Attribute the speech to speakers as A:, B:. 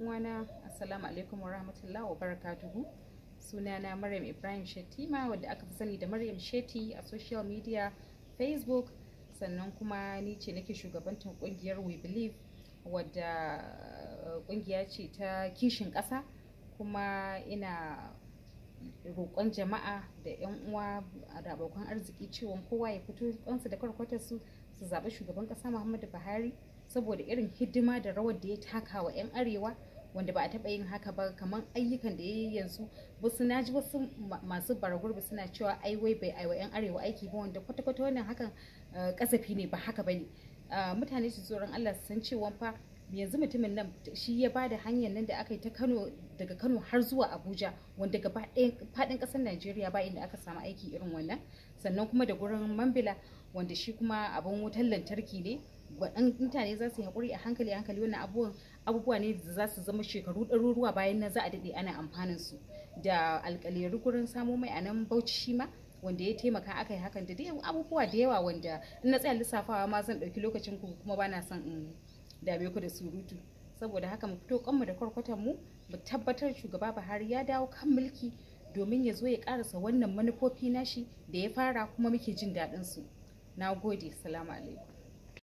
A: uwana assalamu alaikum wa rahmatullahi wa barakatuhu sunana maryam ibrahim shetima wadda aka fi sani da maryam sheti a social media facebook sannan kuma ni ce nake shugabantar kungiyar we believe wadda kungiya eh, ce ta kishin ƙasa kuma ina roƙon jama'a da 'yan uwa da abokan arziki cewa kowa ya fito kansu da karkwatar su su zaɓi shugaban ƙasa muhammadu buhari saboda irin hidima da rawar da ya taka wa 'yan arewa wanda ba a taɓa yin haka ba kamar ayyukan da ya yi yanzu wasu na ji wasu masu baragurbi suna cewa aiwai wai bai aiwa 'yan arewa aiki ba wanda kwata-kwata wannan hakan kasafi eh, ne ba haka ba ne ah, mutane su tsoron allah su san cewa fa yanzu mutumin nan shi ya ba da hanyar nan da aka yi ta kano daga kano har zuwa abuja wanda gaba faɗin ƙasar najeriya ba inda aka samu aiki irin wannan sannan kuma da gurin mambila wanda shi kuma abin wutar lantarki ne mutane za su yi haƙuri a hankali hankali wannan abubuwan abubuwa ne za su zama shekaru ɗaruruwa bayan na za a daɗe ana amfanin su da alƙalai gurin samo mai a nan bauchi shi ma wanda ya taimaka aka yi hakan da dai abubuwa da yawa wanda in na tsaya lissafawa ma zan ɗauki lokacin ku kuma bana son in dame ku da surutu saboda haka mu fito kanmu da kwarkwatan mu mu tabbatar shugaba Buhari ya dawo kan mulki domin ya zo ya karasa wannan manufofi nashi da ya fara kuma muke jin daɗin su na gode salamu alaikum